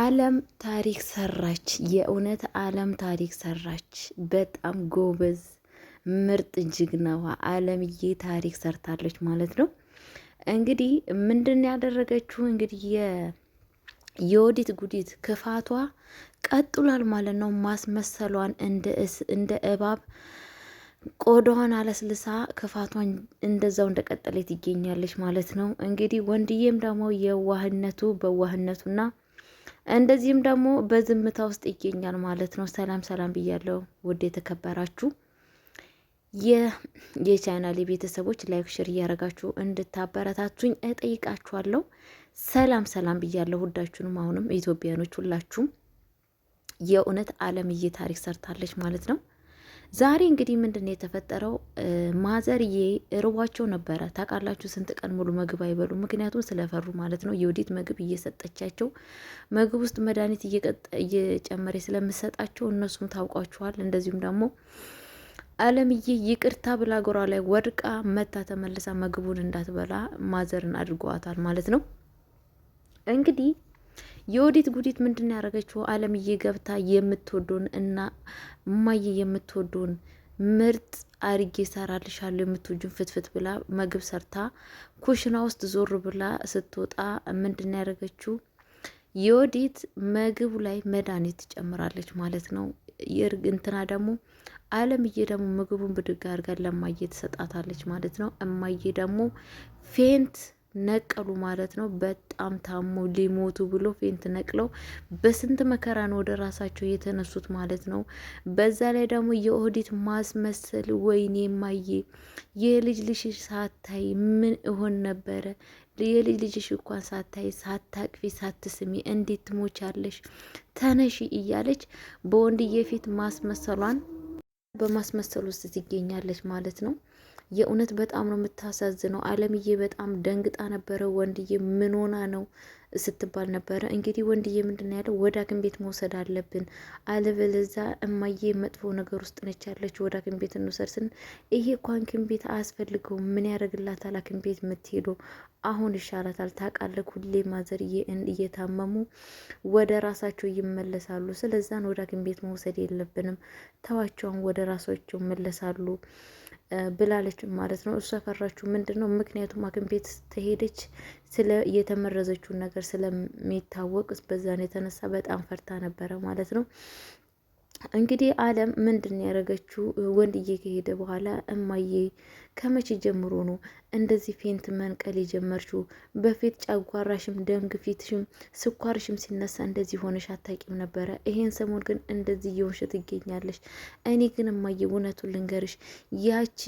አለም ታሪክ ሰራች። የእውነት አለም ታሪክ ሰራች። በጣም ጎበዝ ምርጥ ጀግናዋ አለምዬ ታሪክ ሰርታለች ማለት ነው። እንግዲህ ምንድን ያደረገችው እንግዲህ የወዲት ጉዲት ክፋቷ ቀጥሏል ማለት ነው። ማስመሰሏን እንደ እባብ ቆዳዋን አለስልሳ ክፋቷን እንደዛው እንደቀጠለች ትገኛለች ማለት ነው። እንግዲህ ወንድዬም ደግሞ የዋህነቱ በዋህነቱና እንደዚህም ደግሞ በዝምታ ውስጥ ይገኛል ማለት ነው። ሰላም ሰላም ብያለው ውድ የተከበራችሁ የቻናሌ ቤተሰቦች ላይክ፣ ሽር እያረጋችሁ እንድታበረታቱኝ እጠይቃችኋለሁ። ሰላም ሰላም ብያለሁ ሁዳችሁንም፣ አሁንም ኢትዮጵያኖች ሁላችሁም የእውነት አለምዬ ታሪክ ሰርታለች ማለት ነው። ዛሬ እንግዲህ ምንድን ነው የተፈጠረው? ማዘርዬ ርቧቸው ነበረ። ታውቃላችሁ ስንት ቀን ሙሉ ምግብ አይበሉ፣ ምክንያቱም ስለፈሩ ማለት ነው። የወዲት ምግብ እየሰጠቻቸው ምግብ ውስጥ መድኃኒት እየጨመረ ስለምሰጣቸው እነሱም ታውቋቸዋል። እንደዚሁም ደግሞ አለምዬ ይቅርታ ብላ ጎራ ላይ ወድቃ መታ ተመልሳ ምግቡን እንዳትበላ ማዘርን አድርጓታል ማለት ነው እንግዲህ የወዲት ጉዲት ምንድን ነው ያደረገችው? አለምዬ ገብታ የምትወደውን እና እማዬ የምትወደውን ምርጥ አርጌ ሰራልሻለሁ የምትወጁን ፍትፍት ብላ ምግብ ሰርታ ኩሽና ውስጥ ዞር ብላ ስትወጣ ምንድን ነው ያደረገችው? የወዲት ምግቡ ላይ መድኃኒት ትጨምራለች ማለት ነው። እንትና ደግሞ አለምዬ ደግሞ ምግቡን ብድግ አድርጋ ለማየ ትሰጣታለች ማለት ነው። እማዬ ደግሞ ፌንት ነቀሉ ማለት ነው። በጣም ታሞ ሊሞቱ ብሎ ፌንት ነቅለው በስንት መከራ ነው ወደ ራሳቸው የተነሱት ማለት ነው። በዛ ላይ ደግሞ የኦዲት ማስመሰል ወይኔ የማየ የልጅ ልጅ ሳታይ ምን እሆን ነበረ የልጅ ልጅሽ እንኳን ሳታይ ሳታቅፊ ሳትስሚ እንዴት ትሞቻለሽ? ተነሺ እያለች በወንድዬ ፊት ማስመሰሏን በማስመሰል ውስጥ ትገኛለች ማለት ነው። የእውነት በጣም ነው የምታሳዝነው። አለምዬ በጣም ደንግጣ ነበረ። ወንድዬ ምንሆና ነው ስትባል ነበረ። እንግዲህ ወንድዬ ምንድን ነው ያለው? ወደ ሐኪም ቤት መውሰድ አለብን፣ አለበለዚያ እማዬ መጥፎ ነገር ውስጥ ነች ያለች። ወደ ሐኪም ቤት እንውሰድ ስን ይሄ እኮ ሐኪም ቤት አያስፈልገውም። ምን ያደርግላታል ሐኪም ቤት የምትሄደው? አሁን ይሻላታል። ታውቃለህ፣ ሁሌ ማዘርዬ እየታመሙ ወደ ራሳቸው ይመለሳሉ። ስለዛን ወደ ሐኪም ቤት መውሰድ የለብንም። ተዋቸውን ወደ ራሳቸው መለሳሉ። ብላለች ማለት ነው። እሷ ፈራችሁ ምንድን ነው? ምክንያቱም ሐኪም ቤት ተሄደች ስለ የተመረዘችውን ነገር ስለሚታወቅ በዛን የተነሳ በጣም ፈርታ ነበረ ማለት ነው። እንግዲህ አለም ምንድን ያደረገችው? ወንድዬ ከሄደ በኋላ እማዬ ከመቼ ጀምሮ ነው እንደዚህ ፌንት መንቀል የጀመርሽው? በፊት ጨጓራሽም፣ ደም ግፊትሽም፣ ስኳርሽም ሲነሳ እንደዚህ ሆነሽ አታቂም ነበረ። ይሄን ሰሞን ግን እንደዚህ እየሆንሽ ትገኛለሽ። እኔ ግን እማዬ እውነቱን ልንገርሽ ያቺ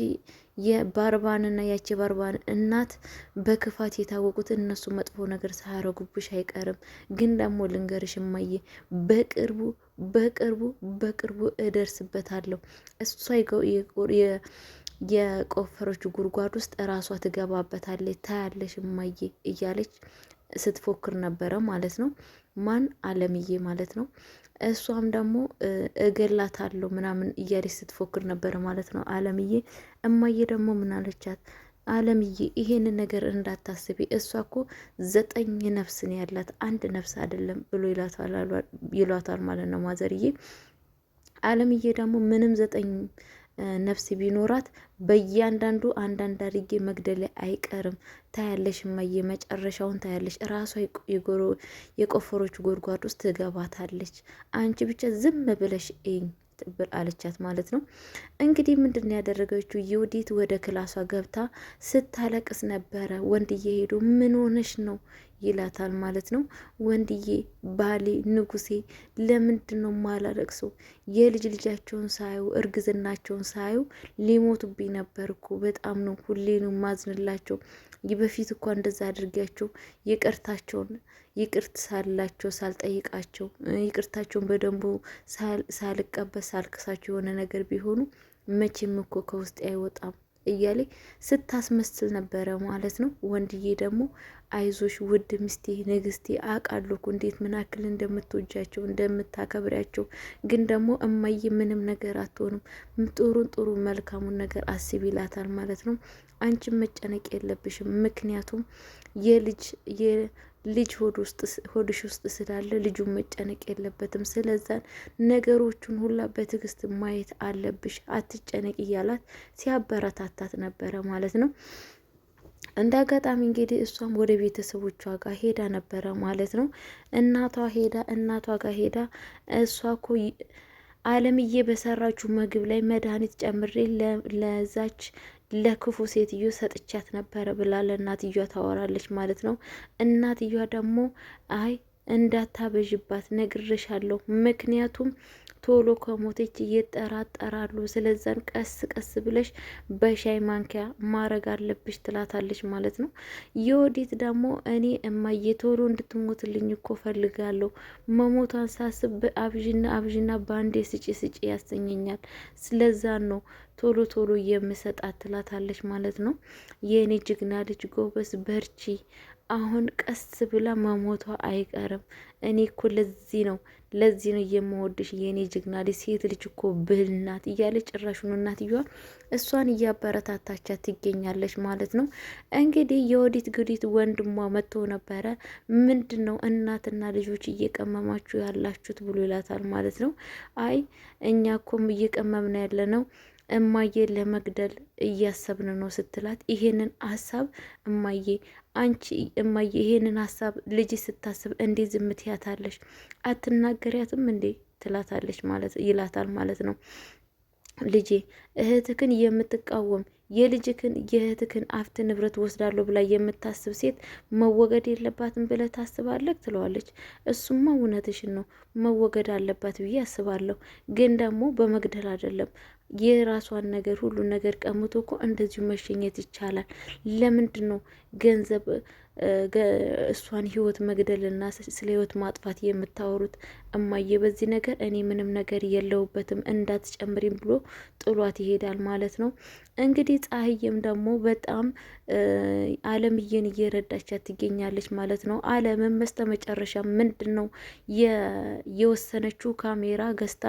የባርባንና ያቺ ባርባን እናት በክፋት የታወቁት እነሱ መጥፎ ነገር ሳያረጉብሽ አይቀርም። ግን ደግሞ ልንገርሽ እማዬ በቅርቡ በቅርቡ በቅርቡ እደርስበታለሁ እሷ የቆፈረች ጉድጓድ ውስጥ እራሷ ትገባበታለች። ታያለሽ እማዬ እያለች ስትፎክር ነበረ ማለት ነው። ማን አለምዬ ማለት ነው። እሷም ደግሞ እገላታለሁ ምናምን እያለች ስትፎክር ነበረ ማለት ነው። አለምዬ እማዬ ደግሞ ምን አለቻት? አለምዬ ይሄን ነገር እንዳታስቢ፣ እሷ እኮ ዘጠኝ ነፍስ ነው ያላት አንድ ነፍስ አይደለም ብሎ ይሏታል ማለት ነው ማዘርዬ። አለምዬ ደግሞ ምንም ዘጠኝ ነፍስ ቢኖራት በእያንዳንዱ አንዳንድ አድርጌ መግደል አይቀርም። ታያለሽ እማዬ፣ መጨረሻውን ታያለሽ። ራሷ የቆፈሮች ጉድጓድ ውስጥ ትገባታለች። አንቺ ብቻ ዝም ብለሽ እኝ ጥብር አለቻት ማለት ነው። እንግዲህ ምንድን ያደረገችው? ዩዲት ወደ ክላሷ ገብታ ስታለቅስ ነበረ። ወንድ እየሄዱ ምን ሆነሽ ነው ይላታል ማለት ነው። ወንድዬ፣ ባሌ፣ ንጉሴ ለምንድን ነው ማላረቅሰው? የልጅ ልጃቸውን ሳዩ እርግዝናቸውን ሳዩ ሊሞቱብኝ ነበር እኮ በጣም ነው ሁሌ ነው ማዝንላቸው። በፊት እኳ እንደዛ አድርጊያቸው ይቅርታቸውን ይቅርት ሳላቸው ሳልጠይቃቸው ይቅርታቸውን በደንቡ ሳልቀበስ ሳልክሳቸው የሆነ ነገር ቢሆኑ መቼም እኮ ከውስጤ አይወጣም እያሌ ስታስመስል ነበረ ማለት ነው። ወንድዬ ደግሞ አይዞሽ ውድ ሚስቴ ንግስቴ፣ አውቃለሁ እንዴት ምን አክል እንደምትወጃቸው እንደምታከብሪያቸው። ግን ደግሞ እማዬ ምንም ነገር አትሆንም፣ ጥሩን ጥሩ መልካሙን ነገር አስብ ይላታል ማለት ነው። አንቺን መጨነቅ የለብሽም ምክንያቱም የልጅ ልጅ ሆድሽ ውስጥ ስላለ ልጁን መጨነቅ የለበትም። ስለዛን ነገሮቹን ሁላ በትዕግስት ማየት አለብሽ፣ አትጨነቅ እያላት ሲያበረታታት ነበረ ማለት ነው። እንደ አጋጣሚ እንግዲህ እሷም ወደ ቤተሰቦቿ ጋር ሄዳ ነበረ ማለት ነው። እናቷ ሄዳ እናቷ ጋር ሄዳ እሷ ኮ አለምዬ በሰራችሁ ምግብ ላይ መድኃኒት ጨምሬ ለዛች ለክፉ ሴትዮ ሰጥቻት ነበረ ብላ ለእናትየዋ ታወራለች ማለት ነው። እናትዮዋ ደግሞ አይ እንዳታበዥባት ነግርሻለሁ፣ ምክንያቱም ቶሎ ከሞተች እየጠራጠራሉ። ስለዛም ቀስ ቀስ ብለሽ በሻይ ማንኪያ ማረግ አለብሽ ትላታለች ማለት ነው። የወዴት ደግሞ እኔ እማዬ ቶሎ እንድትሞትልኝ እኮ ፈልጋለሁ መሞቷን ሳስብ አብዥና አብዥና በአንዴ ስጪ ስጪ ያሰኘኛል። ስለዛን ነው ቶሎ ቶሎ የምሰጣት ትላታለች ማለት ነው። የእኔ ጀግና ልጅ ጎበዝ፣ በርቺ። አሁን ቀስ ብላ መሞቷ አይቀርም። እኔ እኮ ለዚህ ነው ለዚህ ነው የምወድሽ የእኔ ጀግና ልጅ፣ ሴት ልጅ እኮ ብህል ናት እያለ ጭራሹኑ እናትየዋ እሷን እያበረታታቻ ትገኛለች ማለት ነው። እንግዲህ የወዲት ግዲት ወንድሟ መጥቶ ነበረ። ምንድን ነው እናትና ልጆች እየቀመማችሁ ያላችሁት ብሎ ይላታል ማለት ነው። አይ እኛ እኮም እየቀመምና ያለ ነው እማዬ ለመግደል እያሰብን ነው ስትላት፣ ይሄንን ሀሳብ እማዬ አንቺ እማዬ ይሄንን ሀሳብ ልጅ ስታስብ እንዴ ዝም ትያታለሽ? አትናገሪያትም እንዴ ትላታለች ማለት ይላታል ማለት ነው ልጄ እህትክን የምትቃወም የልጅክን የእህትክን ሀብት ንብረት ወስዳለሁ ብላ የምታስብ ሴት መወገድ የለባትም ብለ ታስባለህ? ትለዋለች። እሱማ እውነትሽን ነው መወገድ አለባት ብዬ አስባለሁ። ግን ደግሞ በመግደል አይደለም የራሷን ነገር ሁሉ ነገር ቀምቶ እኮ እንደዚሁ መሸኘት ይቻላል። ለምንድን ነው ገንዘብ እሷን ህይወት መግደልና ስለ ህይወት ማጥፋት የምታወሩት እማዬ፣ በዚህ ነገር እኔ ምንም ነገር የለውበትም እንዳትጨምሪም ብሎ ጥሏት ይሄዳል ማለት ነው። እንግዲህ ፀሐይም ደግሞ በጣም አለምዬን እየረዳቻት ትገኛለች ማለት ነው። አለምም በስተመጨረሻ ምንድን ነው የወሰነችው? ካሜራ ገዝታ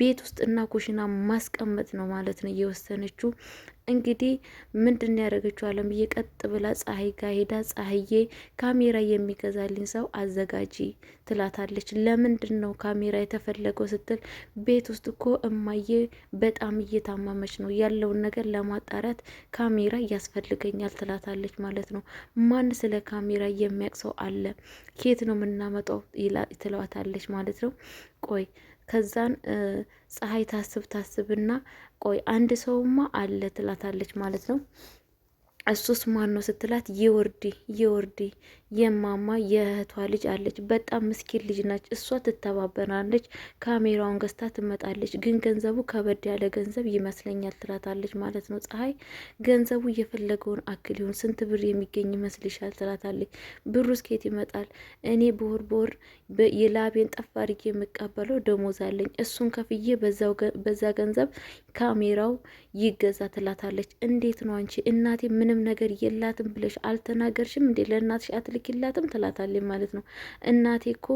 ቤት ውስጥ እና ኩሽና ማስቀመጥ ነው ማለት ነው የወሰነችው። እንግዲህ ምንድን ያደረገችው አለምዬ ቀጥ ብላ ፀሐይ ጋሄዳ ሄዳ ፀሐዬ ካሜራ የሚገዛልኝ ሰው አዘጋጂ ትላታለች። ለምንድን ነው ካሜራ የተፈለገው ስትል ቤት ውስጥ እኮ እማዬ በጣም እየታመመች ነው፣ ያለውን ነገር ለማጣራት ካሜራ ያስፈልገኛል ትላታለች ማለት ነው። ማን ስለ ካሜራ የሚያውቅ ሰው አለ? ኬት ነው የምናመጣው? ትለዋታለች ማለት ነው። ቆይ ከዛን ፀሐይ ታስብ ታስብና ቆይ አንድ ሰውማ አለ ትላታለች ማለት ነው። እሱስ ማን ነው ስትላት፣ ይወርዲ ይወርዲ የማማ የእህቷ ልጅ አለች። በጣም ምስኪን ልጅ ናች። እሷ ትተባበናለች ካሜራውን ገዝታ ትመጣለች፣ ግን ገንዘቡ ከበድ ያለ ገንዘብ ይመስለኛል ትላታለች ማለት ነው። ፀሐይ ገንዘቡ የፈለገውን አክል ይሁን ስንት ብር የሚገኝ ይመስልሻል ትላታለች። ብሩ ስኬት ይመጣል። እኔ በወር በወር የላቤን ጠፍ አድርጌ የምቀበለው ደሞዝ አለኝ። እሱን ከፍዬ በዛ ገንዘብ ካሜራው ይገዛ ትላታለች። እንዴት ነው አንቺ እናቴ ምንም ምንም ነገር የላትም ብለሽ አልተናገርሽም እንዴ? ለእናትሽ አትልኪላትም ትላታለች ማለት ነው። እናቴ እኮ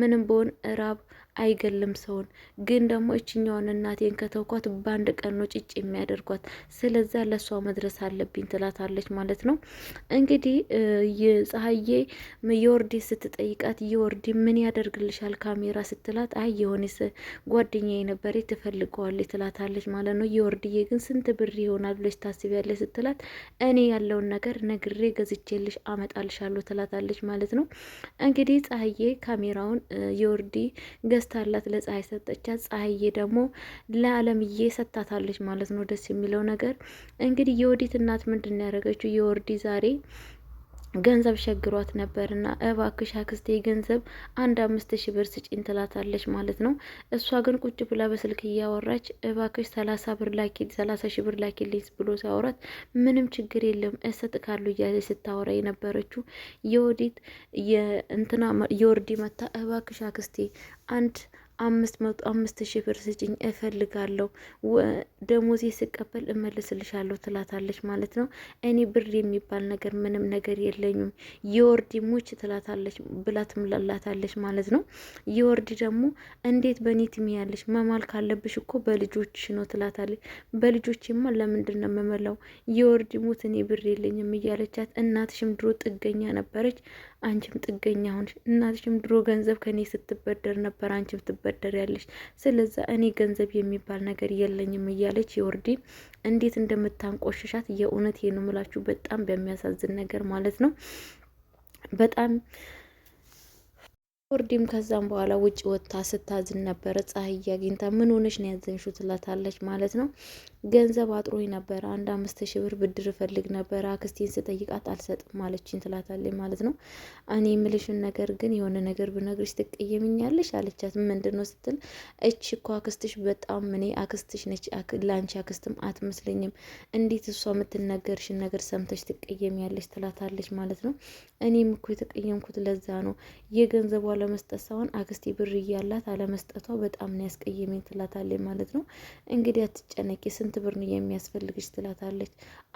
ምንም በሆን እራብ አይገልም ሰውን። ግን ደግሞ እችኛውን እናቴን ከተውኳት በአንድ ቀን ነው ጭጭ የሚያደርጓት። ስለዛ ለእሷ መድረስ አለብኝ ትላታለች ማለት ነው። እንግዲህ ፀሐዬ የወርዴ ስትጠይቃት የወርዲ ምን ያደርግልሻል ካሜራ ስትላት፣ አይ የሆነ ጓደኛ ነበር ትፈልገዋለች ትላታለች ማለት ነው። የወርድዬ ግን ስንት ብር ይሆናል ብለሽ ታስቢያለሽ ስትላት እኔ ያለውን ነገር ነግሬ ገዝቼልሽ አመጣልሻለሁ ትላታለች ማለት ነው። እንግዲህ ፀሐዬ ካሜራውን የወርዲ ገዝታላት ለፀሐይ ሰጠቻት። ፀሐዬ ደግሞ ለአለምዬ ሰታታለች ማለት ነው። ደስ የሚለው ነገር እንግዲህ የወዲት እናት ምንድን ያደረገችው የወርዲ ዛሬ ገንዘብ ሸግሯት ነበርና እባክሽ አክስቴ ገንዘብ አንድ አምስት ሺ ብር ስጪኝ ትላታለች ማለት ነው። እሷ ግን ቁጭ ብላ በስልክ እያወራች እባክሽ ሰላሳ ብር ላኪ ሰላሳ ሺ ብር ላኪልኝ ብሎ ሲያወራት ምንም ችግር የለም እሰጥ ካሉ እያለ ስታወራ የነበረችው የወዲት የእንትና የወርዲ መታ እባክሽ አክስቴ አንድ አምስት መቶ አምስት ሺህ ብር ስጭኝ እፈልጋለሁ፣ ደሞዜ ስቀበል እመልስልሻለሁ ትላታለች ማለት ነው። እኔ ብር የሚባል ነገር ምንም ነገር የለኝም የወርዲ ሙች ትላታለች ብላ ትምላላታለች ማለት ነው። የወርዲ ደግሞ እንዴት በእኔ ትሚያለሽ? መማል ካለብሽ እኮ በልጆች ነው ትላታለች። በልጆቼማ ለምንድን ነው የምመላው? የወርዲ ሙት እኔ ብር የለኝም እያለቻት እናትሽም ድሮ ጥገኛ ነበረች አንቺም ጥገኛ ሆንሽ። እናትሽም ድሮ ገንዘብ ከኔ ስትበደር ነበር፣ አንቺም ትበደር ያለሽ። ስለዛ እኔ ገንዘብ የሚባል ነገር የለኝም እያለች የወርዲ እንዴት እንደምታንቆሽሻት የእውነት ነው በጣም በሚያሳዝን ነገር ማለት ነው በጣም ወርዲም ከዛም በኋላ ውጭ ወጥታ ስታዝን ነበረ። ፀሐይ አግኝታ ምን ሆነሽ ነው ያዘንሹ ትላታለች ማለት ነው። ገንዘብ አጥሮኝ ነበር፣ አንድ አምስት ሺህ ብር ብድር እፈልግ ነበር። አክስቴን ስጠይቃት አልሰጥም አለችኝ ትላታለች ማለት ነው። እኔ የምልሽን ነገር ግን የሆነ ነገር ብነግርሽ ትቀየምኛለሽ አለቻት። ምንድን ነው ስትል እች እኮ አክስትሽ በጣም እኔ አክስትሽ ነች፣ ለአንቺ አክስትም አትመስለኝም። እንዴት እሷ የምትነገርሽን ነገር ሰምተሽ ትቀየሚያለሽ? ትላታለች ማለት ነው። እኔም እኮ የተቀየምኩት ለዛ ነው የገንዘቧ ለመስጠት ሳይሆን አክስቴ ብር እያላት አለመስጠቷ በጣም ነው ያስቀየመኝ ትላታለች ማለት ነው። እንግዲህ አትጨነቂ ስንት ስንት ብር ነው የሚያስፈልግሽ ትላታለች።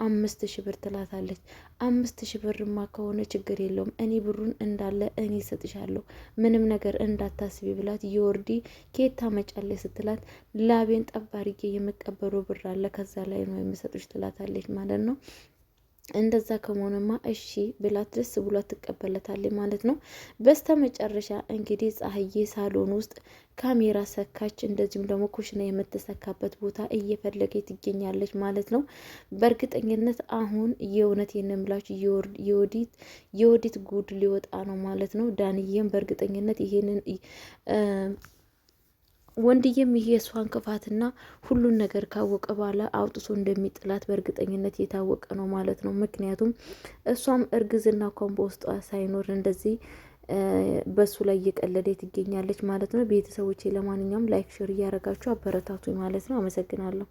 አምስት ሺህ ብር ትላታለች። አምስት ሺህ ብርማ ከሆነ ችግር የለውም እኔ ብሩን እንዳለ እኔ ሰጥሻለሁ፣ ምንም ነገር እንዳታስቢ ብላት የወርዲ ኬት ታመጫለች ስትላት ላቤን ጠብ አድርጌ ብር አለ ከዛ ላይ ነው የምሰጡሽ ትላታለች ማለት ነው። እንደዛ ከመሆንማ እሺ ብላት ደስ ብሏት ትቀበለታለች ማለት ነው። በስተ መጨረሻ እንግዲህ ፀሐዬ ሳሎን ውስጥ ካሜራ ሰካች፣ እንደዚሁም ደግሞ ኩሽና የምትሰካበት ቦታ እየፈለገች ትገኛለች ማለት ነው። በእርግጠኝነት አሁን የእውነት የንምላችሁ የወዲት የወዲት ጉድ ሊወጣ ነው ማለት ነው። ዳንዬም በእርግጠኝነት ይሄንን ወንድዬም ይሄ እሷ እንቅፋትና ሁሉን ነገር ካወቀ በኋላ አውጥቶ እንደሚጥላት በእርግጠኝነት የታወቀ ነው ማለት ነው። ምክንያቱም እሷም እርግዝና እንኳን በውስጧ ሳይኖር እንደዚህ በሱ ላይ እየቀለደ ትገኛለች ማለት ነው። ቤተሰቦቼ ለማንኛውም ላይክ፣ ሽር እያረጋችሁ አበረታቱኝ ማለት ነው። አመሰግናለሁ።